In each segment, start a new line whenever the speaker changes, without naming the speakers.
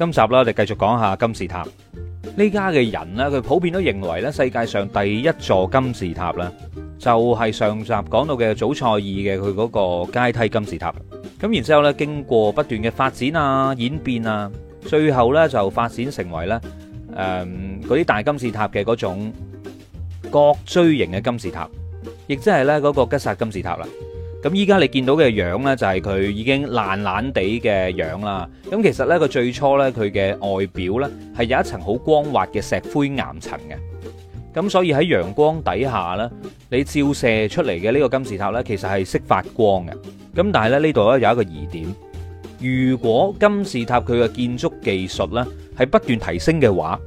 今集啦，我哋繼續講下金字塔。呢家嘅人咧，佢普遍都認為咧，世界上第一座金字塔咧，就係、是、上集講到嘅祖賽爾嘅佢嗰個階梯金字塔。咁然之後咧，經過不斷嘅發展啊、演變啊，最後咧就發展成為呢誒啲大金字塔嘅嗰種角錐形嘅金字塔，亦即係呢嗰個吉薩金字塔啦。咁依家你見到嘅樣咧，就係佢已經爛爛地嘅樣啦。咁其實咧，佢最初咧，佢嘅外表咧係有一層好光滑嘅石灰岩層嘅。咁所以喺陽光底下咧，你照射出嚟嘅呢個金字塔咧，其實係識發光嘅。咁但係咧，呢度咧有一個疑點：如果金字塔佢嘅建築技術咧係不斷提升嘅話，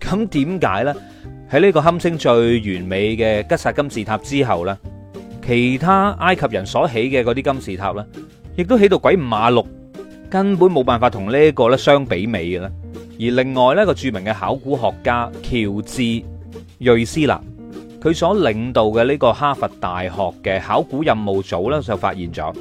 咁點解咧喺呢個堪稱最完美嘅吉薩金字塔之後咧，其他埃及人所起嘅嗰啲金字塔咧，亦都起到鬼五馬六，根本冇辦法同呢一個咧相比美嘅啦。而另外咧個著名嘅考古學家喬治瑞斯納，佢所領導嘅呢個哈佛大學嘅考古任務組咧，就發現咗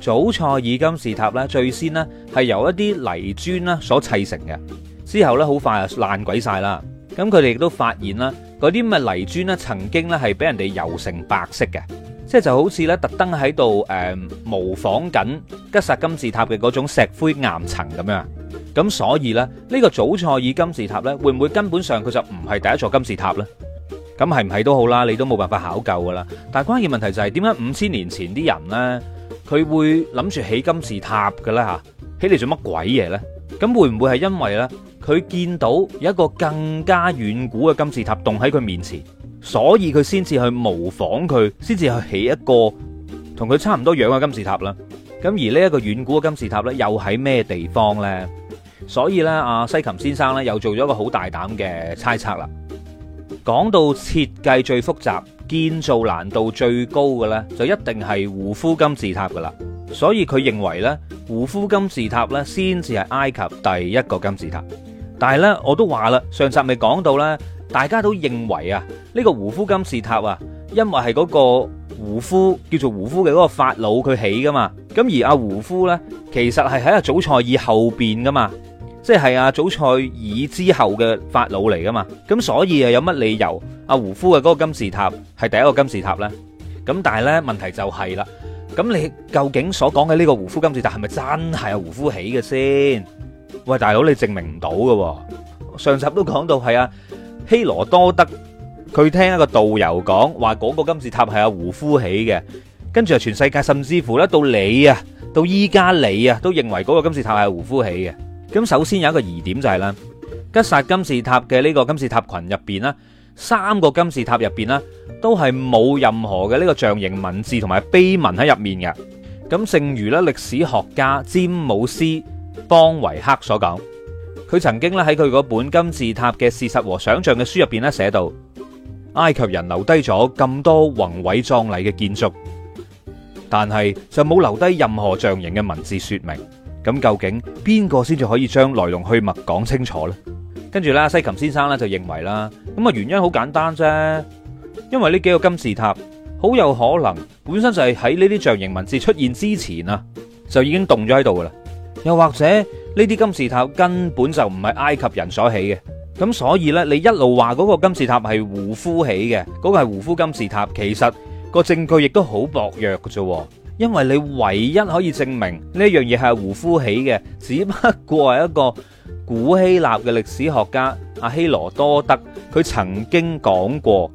祖賽爾金字塔咧，最先呢係由一啲泥磚啦所砌成嘅，之後咧好快啊爛鬼晒啦。咁佢哋亦都發現啦，嗰啲咁嘅泥磚咧曾經咧係俾人哋油成白色嘅。即係就好似咧，特登喺度誒模仿緊吉薩金字塔嘅嗰種石灰岩層咁樣。咁所以咧，呢個祖賽爾金字塔咧，會唔會根本上佢就唔係第一座金字塔咧？咁係唔係都好啦，你都冇辦法考究噶啦。但係關鍵問題就係點解五千年前啲人咧，佢會諗住起金字塔嘅咧嚇？起嚟做乜鬼嘢咧？咁會唔會係因為咧，佢見到有一個更加遠古嘅金字塔棟喺佢面前？所以佢先至去模仿佢，先至去起一個同佢差唔多樣嘅金字塔啦。咁而呢一個遠古嘅金字塔咧，又喺咩地方咧？所以咧，阿西琴先生咧又做咗一個好大膽嘅猜測啦。講到設計最複雜、建造難度最高嘅咧，就一定係胡夫金字塔噶啦。所以佢認為咧，胡夫金字塔咧先至係埃及第一個金字塔。但係咧，我都話啦，上集未講到咧。大家都認為啊，呢個胡夫金字塔啊，因為係嗰個胡夫叫做胡夫嘅嗰個法老佢起噶嘛。咁而阿胡夫呢，其實係喺阿祖賽爾後邊噶嘛，即係阿祖賽爾之後嘅法老嚟噶嘛。咁所以又有乜理由阿胡夫嘅嗰個金字塔係第一個金字塔呢？咁但係呢問題就係啦，咁你究竟所講嘅呢個胡夫金字塔係咪真係阿胡夫起嘅先？喂，大佬你證明唔到㗎喎，上集都講到係啊。希羅多德佢聽一個導遊講，話嗰個金字塔係阿胡夫起嘅，跟住啊全世界，甚至乎咧到你啊，到依家你啊都認為嗰個金字塔係胡夫起嘅。咁首先有一個疑點就係、是、啦，吉薩金字塔嘅呢個金字塔群入邊啦，三個金字塔入邊啦，都係冇任何嘅呢個象形文字同埋碑文喺入面嘅。咁正如啦歷史學家詹姆斯邦維克所講。佢曾經咧喺佢嗰本《金字塔嘅事實和想像》嘅書入邊咧寫到，埃及人留低咗咁多宏偉壯麗嘅建築，但係就冇留低任何象形嘅文字説明。咁究竟邊個先至可以將來龍去脈講清楚呢？」跟住咧，西琴先生咧就認為啦，咁啊原因好簡單啫，因為呢幾個金字塔好有可能本身就係喺呢啲象形文字出現之前啊，就已經凍咗喺度噶啦。又或者呢啲金字塔根本就唔係埃及人所起嘅，咁所以咧，你一路話嗰個金字塔係胡夫起嘅，嗰個係胡夫金字塔，其實個證據亦都好薄弱嘅啫，因為你唯一可以證明呢一樣嘢係胡夫起嘅，只不過係一個古希臘嘅歷史學家阿希羅多德，佢曾經講過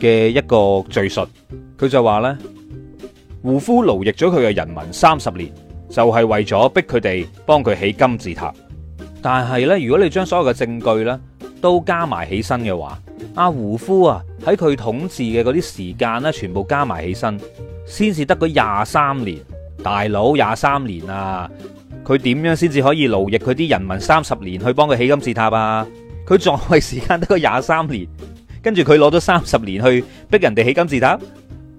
嘅一個敘述，佢就話咧，胡夫奴役咗佢嘅人民三十年。就係為咗逼佢哋幫佢起金字塔，但係呢，如果你將所有嘅證據呢都加埋起身嘅話，阿、啊、胡夫啊喺佢統治嘅嗰啲時間呢，全部加埋起身，先至得個廿三年，大佬廿三年啊，佢點樣先至可以勞役佢啲人民三十年去幫佢起金字塔啊？佢作為時間得個廿三年，跟住佢攞咗三十年去逼人哋起金字塔。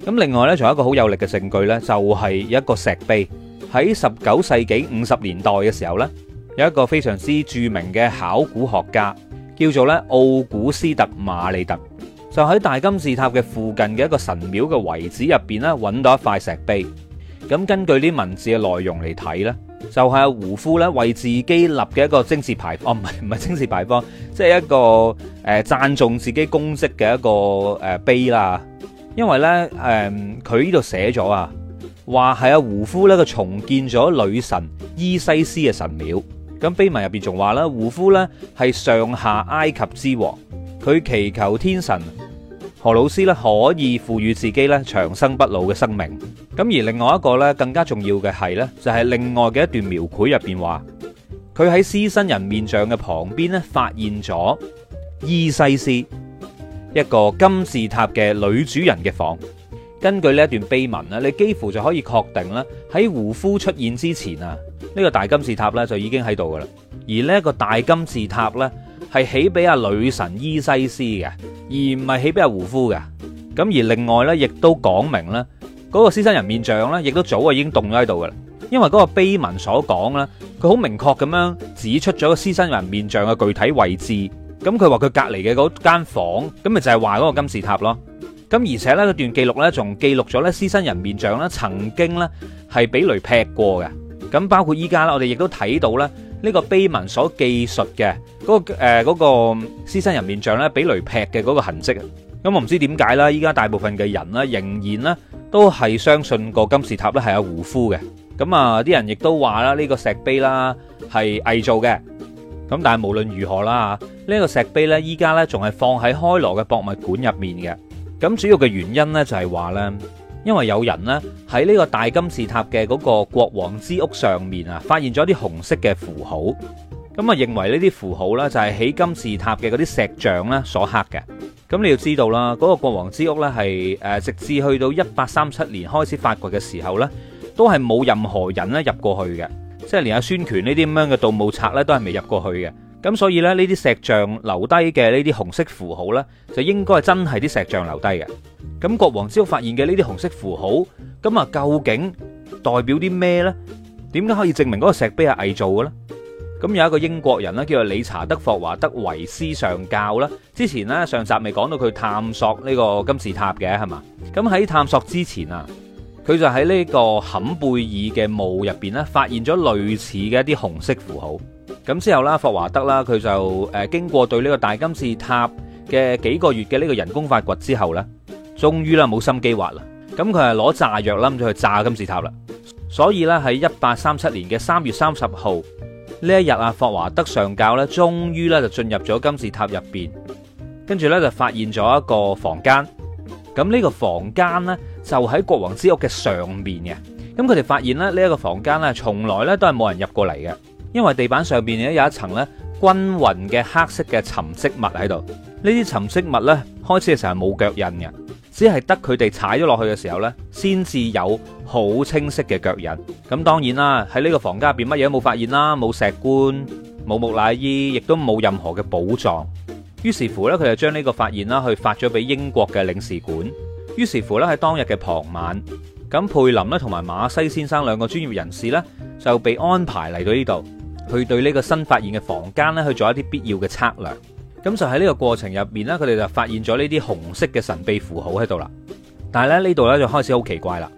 咁另外呢，仲有一個好有力嘅證據呢，就係、是、一個石碑。喺十九世紀五十年代嘅時候呢，有一個非常之著名嘅考古學家叫做咧奧古斯特·馬里特，就喺大金字塔嘅附近嘅一個神廟嘅遺址入邊咧，揾到一塊石碑。咁根據啲文字嘅內容嚟睇呢，就係、是、胡夫咧為自己立嘅一個貞節牌，坊、哦。唔係唔係貞節牌坊，即、就、係、是、一個誒讚頌自己功績嘅一個誒碑啦。因為呢，誒佢呢度寫咗啊。話係阿胡夫咧，佢重建咗女神伊西斯嘅神廟。咁碑文入邊仲話啦，胡夫咧係上下埃及之王，佢祈求天神何老師咧可以賦予自己咧長生不老嘅生命。咁而另外一個咧更加重要嘅係咧，就係、是、另外嘅一段描繪入邊話，佢喺獅身人面像嘅旁邊咧發現咗伊西斯一個金字塔嘅女主人嘅房。根據呢一段碑文咧，你幾乎就可以確定咧，喺胡夫出現之前啊，呢個大金字塔咧就已經喺度嘅啦。而呢一個大金字塔咧，係起俾阿女神伊西斯嘅，而唔係起俾阿胡夫嘅。咁而另外咧，亦都講明咧，嗰個獅身人面像咧，亦都早啊已經動咗喺度嘅啦。因為嗰個碑文所講啦，佢好明確咁樣指出咗個獅身人面像嘅具體位置。咁佢話佢隔離嘅嗰間房，咁咪就係話嗰個金字塔咯。咁而且咧，呢段記錄咧，仲記錄咗咧，獅身人面像咧曾經咧係俾雷劈過嘅。咁包括依家咧，我哋亦都睇到咧，呢個碑文所記述嘅嗰個誒嗰個獅身人面像咧，俾雷劈嘅嗰個痕跡。咁我唔知點解啦，依家大部分嘅人咧，仍然咧都係相信個金字塔咧係有胡夫嘅。咁啊，啲人亦都話啦，呢個石碑啦係偽造嘅。咁但係無論如何啦，呢個石碑咧依家咧仲係放喺開羅嘅博物館入面嘅。咁主要嘅原因呢，就係話呢，因為有人呢喺呢個大金字塔嘅嗰個國王之屋上面啊，發現咗啲紅色嘅符號，咁啊認為呢啲符號呢，就係起金字塔嘅嗰啲石像呢所刻嘅。咁你要知道啦，嗰個國王之屋呢，係誒，直至去到一八三七年開始發掘嘅時候呢，都係冇任何人呢入過去嘅，即係連阿孫權呢啲咁樣嘅盜墓賊呢，都係未入過去嘅。咁所以咧，呢啲石像留低嘅呢啲紅色符號呢，就應該係真係啲石像留低嘅。咁國王之屋發現嘅呢啲紅色符號，咁啊究竟代表啲咩呢？點解可以證明嗰個石碑係偽造嘅咧？咁有一個英國人呢，叫做理查德霍華德維斯上校啦。之前呢，上集未講到佢探索呢個金字塔嘅係嘛？咁喺探索之前啊，佢就喺呢個坎貝爾嘅墓入邊呢，發現咗類似嘅一啲紅色符號。咁之後啦，霍華德啦，佢就誒經過對呢個大金字塔嘅幾個月嘅呢個人工發掘之後咧，終於啦冇心機挖啦，咁佢係攞炸藥諗住去炸金字塔啦。所以咧，喺一八三七年嘅三月三十號呢一日啊，霍華德上教咧，終於咧就進入咗金字塔入邊，跟住咧就發現咗一個房間。咁呢個房間咧就喺國王之屋嘅上面嘅。咁佢哋發現咧，呢一個房間咧從來咧都係冇人入過嚟嘅。因為地板上邊咧有一層咧均勻嘅黑色嘅沉積物喺度，呢啲沉積物咧開始嘅時候冇腳印嘅，只係得佢哋踩咗落去嘅時候咧，先至有好清晰嘅腳印。咁當然啦，喺呢個房間入邊乜嘢都冇發現啦，冇石棺、冇木乃伊，亦都冇任何嘅寶藏。於是乎咧，佢就將呢個發現啦去發咗俾英國嘅領事館。於是乎咧，喺當日嘅傍晚，咁佩林咧同埋馬西先生兩個專業人士咧就被安排嚟到呢度。去對呢個新發現嘅房間咧去做一啲必要嘅測量，咁就喺呢個過程入面，呢佢哋就發現咗呢啲紅色嘅神秘符號喺度啦。但係咧呢度呢，就開始好奇怪啦。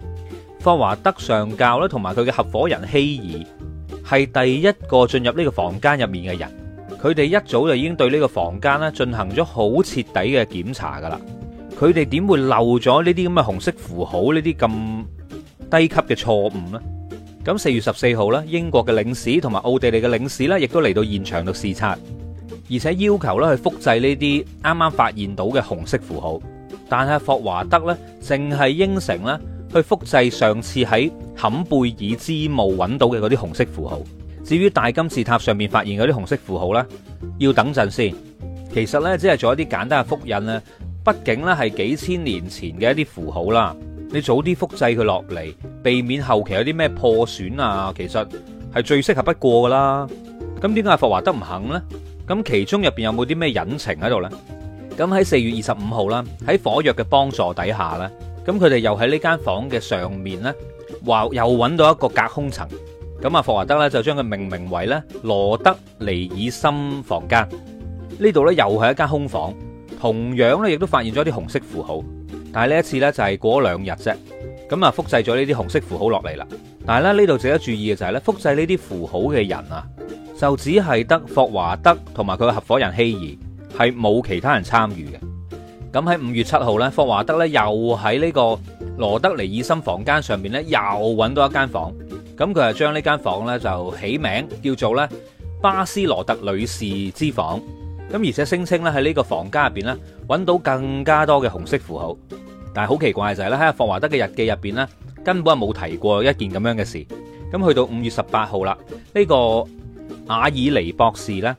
霍華德上校咧同埋佢嘅合夥人希爾係第一個進入呢個房間入面嘅人，佢哋一早就已經對呢個房間咧進行咗好徹底嘅檢查噶啦。佢哋點會漏咗呢啲咁嘅紅色符號呢啲咁低級嘅錯誤呢？咁四月十四號咧，英國嘅領事同埋奧地利嘅領事咧，亦都嚟到現場度視察，而且要求咧去複製呢啲啱啱發現到嘅紅色符號。但係霍華德咧，淨係應承咧去複製上次喺坎貝爾之墓揾到嘅嗰啲紅色符號。至於大金字塔上面發現嗰啲紅色符號呢，要等陣先。其實呢，只係做一啲簡單嘅複印呢。畢竟咧，係幾千年前嘅一啲符號啦。你早啲複製佢落嚟，避免後期有啲咩破損啊！其實係最適合不過噶啦。咁點解霍華德唔肯呢？咁其中入邊有冇啲咩隱情喺度呢？咁喺四月二十五號啦，喺火藥嘅幫助底下呢，咁佢哋又喺呢間房嘅上面呢，話又揾到一個隔空層。咁啊，霍華德咧就將佢命名為咧羅德尼爾森房間。呢度呢，又係一間空房，同樣呢，亦都發現咗啲紅色符號。但係呢一次呢，就係過咗兩日啫，咁啊複製咗呢啲紅色符號落嚟啦。但係咧，呢度值得注意嘅就係咧，複製呢啲符號嘅人啊，就只係得霍華德同埋佢嘅合夥人希爾，係冇其他人參與嘅。咁喺五月七號呢，霍華德咧又喺呢個羅德尼爾森房間上面咧又揾到一間房，咁佢係將呢間房呢，就起名叫做呢巴斯羅特女士之房。咁而且聲稱咧喺呢個房間入邊咧揾到更加多嘅紅色符號，但係好奇怪就係咧喺霍華德嘅日記入邊呢，根本係冇提過一件咁樣嘅事。咁去到五月十八號啦，呢、這個瓦爾尼博士呢，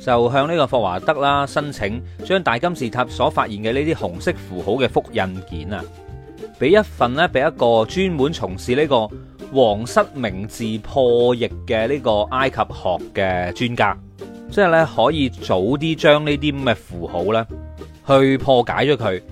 就向呢個霍華德啦申請將大金字塔所發現嘅呢啲紅色符號嘅複印件啊，俾一份呢，俾一個專門從事呢個皇室名字破譯嘅呢個埃及學嘅專家。即係咧，可以早啲將呢啲咁嘅符號咧，去破解咗佢，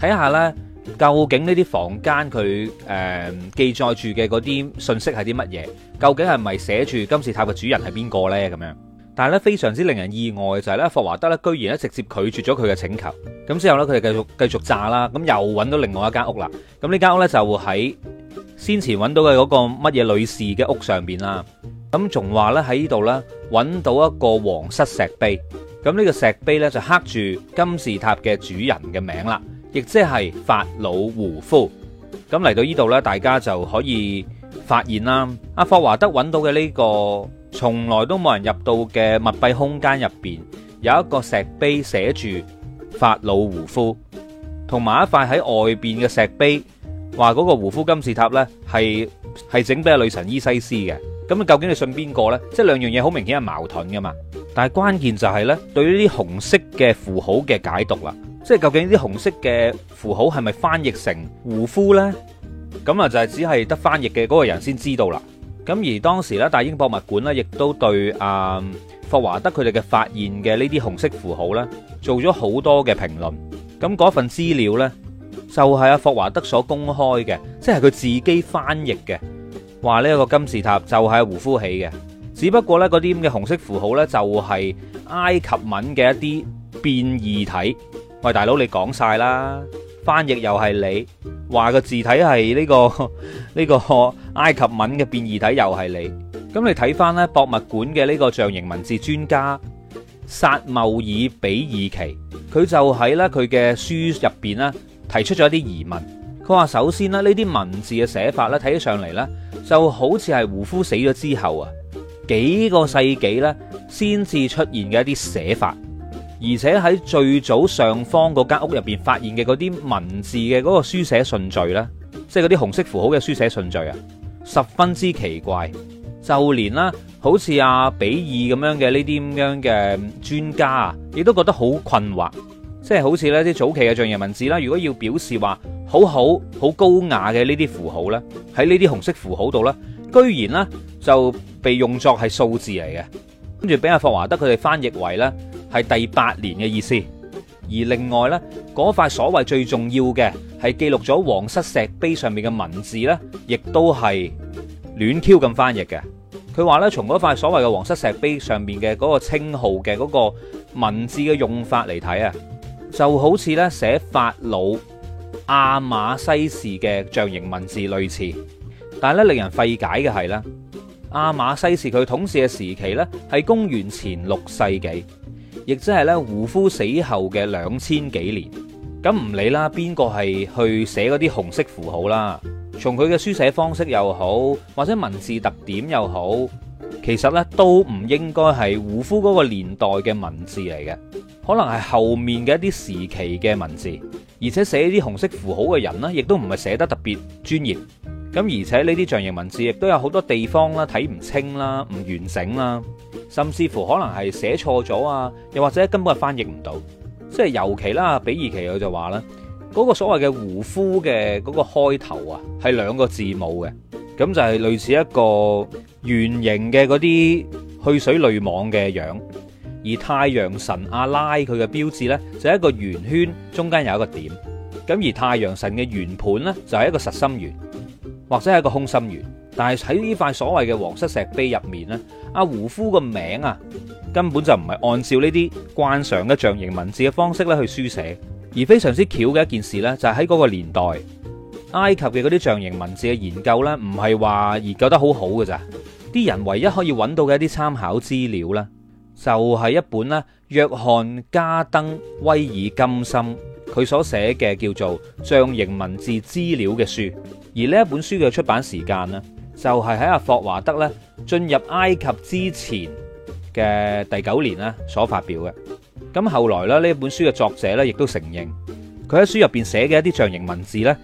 睇下咧究竟呢啲房間佢誒、呃、記載住嘅嗰啲信息係啲乜嘢？究竟係咪寫住金字塔嘅主人係邊個呢？咁樣，但係咧非常之令人意外嘅就係咧，霍華德咧居然咧直接拒絕咗佢嘅請求。咁之後咧，佢哋繼續繼續炸啦，咁又揾到另外一間屋啦。咁呢間屋咧就會喺先前揾到嘅嗰個乜嘢女士嘅屋上邊啦。咁仲話咧喺呢度呢，揾到一個皇室石碑，咁、這、呢個石碑呢，就刻住金字塔嘅主人嘅名啦，亦即係法老胡夫。咁嚟到呢度呢，大家就可以發現啦。阿霍華德揾到嘅呢、這個從來都冇人入到嘅密閉空間入邊，有一個石碑寫住法老胡夫，同埋一塊喺外邊嘅石碑話嗰個胡夫金字塔呢，係係整俾女神伊西斯嘅。咁啊，究竟你信邊個咧？即係兩樣嘢好明顯係矛盾噶嘛。但係關鍵就係咧，對於呢啲紅色嘅符號嘅解讀啦，即係究竟呢啲紅色嘅符號係咪翻譯成胡夫咧？咁啊，就係只係得翻譯嘅嗰個人先知道啦。咁而當時咧，大英博物館咧，亦都對阿霍華德佢哋嘅發現嘅呢啲紅色符號咧，做咗好多嘅評論。咁嗰份資料咧，就係阿霍華德所公開嘅，即係佢自己翻譯嘅。話呢個金字塔就係胡夫起嘅，只不過呢嗰啲咁嘅紅色符號呢，就係埃及文嘅一啲變異體。喂，大佬你講晒啦，翻譯又係你，話個字體係呢個呢個埃及文嘅變異體又係你。咁你睇翻，呢博物館嘅呢個象形文字專家薩繆爾比爾奇，佢就喺呢佢嘅書入邊呢提出咗一啲疑問。佢話：首先咧，呢啲文字嘅寫法咧，睇起上嚟咧，就好似係胡夫死咗之後啊幾個世紀咧先至出現嘅一啲寫法，而且喺最早上方嗰間屋入邊發現嘅嗰啲文字嘅嗰個書寫順序咧，即係嗰啲紅色符號嘅書寫順序啊，十分之奇怪。就連啦，好似阿比爾咁樣嘅呢啲咁樣嘅專家啊，亦都覺得好困惑，即係好似呢啲早期嘅象形文字啦，如果要表示話。好好好高雅嘅呢啲符號咧，喺呢啲紅色符號度咧，居然咧就被用作係數字嚟嘅，跟住俾阿霍華德佢哋翻譯為咧係第八年嘅意思。而另外咧嗰塊所謂最重要嘅係記錄咗皇室石碑上面嘅文字咧，亦都係亂 Q 咁翻譯嘅。佢話咧從嗰塊所謂嘅皇室石碑上面嘅嗰個稱號嘅嗰個文字嘅用法嚟睇啊，就好似呢寫法老。阿馬西士嘅象形文字類似，但係咧令人費解嘅係咧，阿馬西士佢統治嘅時期咧係公元前六世紀，亦即係咧胡夫死後嘅兩千幾年。咁唔理啦，邊個係去寫嗰啲紅色符號啦？從佢嘅書寫方式又好，或者文字特點又好，其實咧都唔應該係胡夫嗰個年代嘅文字嚟嘅，可能係後面嘅一啲時期嘅文字。而且寫啲紅色符號嘅人呢，亦都唔係寫得特別專業。咁而且呢啲象形文字亦都有好多地方啦，睇唔清啦，唔完整啦，甚至乎可能係寫錯咗啊，又或者根本係翻譯唔到。即係尤其啦，比爾奇佢就話啦，嗰個所謂嘅胡夫嘅嗰個開頭啊，係兩個字母嘅，咁就係類似一個圓形嘅嗰啲去水濾網嘅樣。而太陽神阿拉佢嘅標誌呢，就係、一個圓圈，中間有一個點。咁而太陽神嘅圓盤呢，就係、係、一個實心圓，或者係一個空心圓。但係喺呢塊所謂嘅王室石碑入面呢，阿、啊、胡夫個名啊，根本就唔係按照呢啲慣常嘅象形文字嘅方式咧去書寫。而非常之巧嘅一件事呢，就係喺嗰個年代，埃及嘅嗰啲象形文字嘅研究呢，唔係話研究得好好㗎咋。啲人唯一可以揾到嘅一啲參考資料咧。就係一本咧，約翰加登威爾金森佢所寫嘅叫做象形文字資料嘅書，而呢一本書嘅出版時間呢，就係喺阿霍華德咧進入埃及之前嘅第九年咧所發表嘅。咁後來啦，呢本書嘅作者呢，亦都承認，佢喺書入邊寫嘅一啲象形文字呢。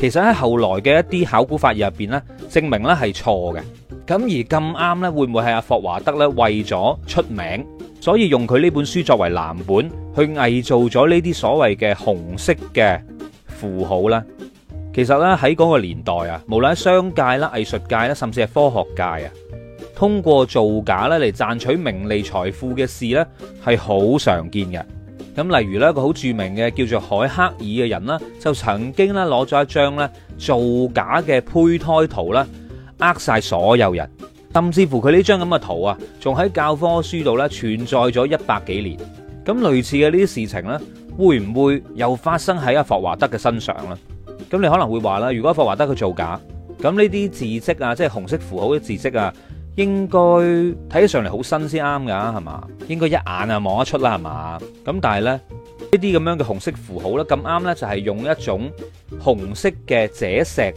其實喺後來嘅一啲考古發現入邊咧，證明咧係錯嘅。咁而咁啱咧，會唔會係阿霍華德咧為咗出名，所以用佢呢本書作為藍本去偽造咗呢啲所謂嘅紅色嘅符號呢？其實咧喺嗰個年代啊，無論商界啦、藝術界啦，甚至係科學界啊，通過造假咧嚟賺取名利財富嘅事咧，係好常見嘅。咁例如咧一個好著名嘅叫做海克爾嘅人啦，就曾經咧攞咗一張咧造假嘅胚胎圖啦，呃晒所有人，甚至乎佢呢張咁嘅圖啊，仲喺教科書度咧存在咗一百幾年。咁類似嘅呢啲事情咧，會唔會又發生喺阿霍華德嘅身上咧？咁你可能會話啦，如果霍華德佢造假，咁呢啲字跡啊，即係紅色符號嘅字跡啊？應該睇起上嚟好新先啱㗎，係嘛？應該一眼啊望得出啦，係嘛？咁但係咧，呢啲咁樣嘅紅色符號咧咁啱咧，就係用一種紅色嘅赭石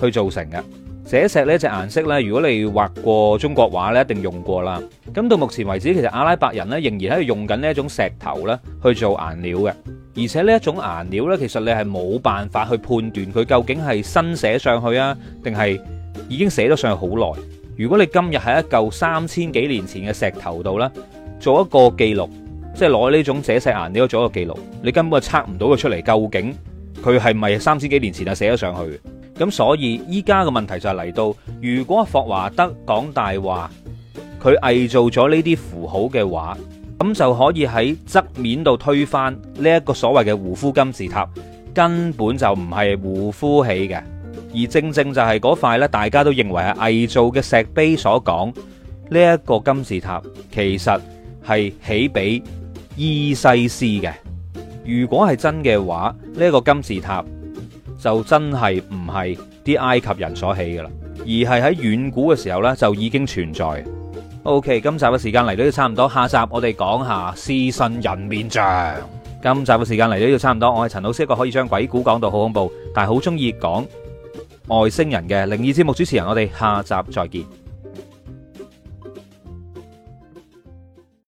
去做成嘅。赭石呢隻顏色咧，如果你畫過中國畫咧，一定用過啦。咁到目前為止，其實阿拉伯人咧仍然喺度用緊呢一種石頭咧去做顏料嘅，而且呢一種顏料咧，其實你係冇辦法去判斷佢究竟係新寫上去啊，定係已經寫咗上去好耐。如果你今日喺一嚿三千幾年前嘅石頭度咧，做一個記錄，即係攞呢種赭石顏料做一個記錄，你根本就測唔到佢出嚟究竟佢係咪三千幾年前就寫咗上去嘅。咁所以依家嘅問題就係嚟到，如果霍華德講大話，佢偽造咗呢啲符號嘅話，咁就可以喺側面度推翻呢一個所謂嘅胡夫金字塔，根本就唔係胡夫起嘅。而正正就係嗰塊呢大家都認為係偽造嘅石碑所講呢一個金字塔，其實係起俾伊西斯嘅。如果係真嘅話，呢、這、一個金字塔就真係唔係啲埃及人所起嘅啦，而係喺遠古嘅時候呢就已經存在。O、okay, K，今集嘅時間嚟到都差唔多，下集我哋講下獅身人面像。今集嘅時間嚟到都差唔多，我係陳老師，一個可以將鬼故講到好恐怖，但係好鍾意講。外星人嘅靈異節目主持人，我哋下集再見。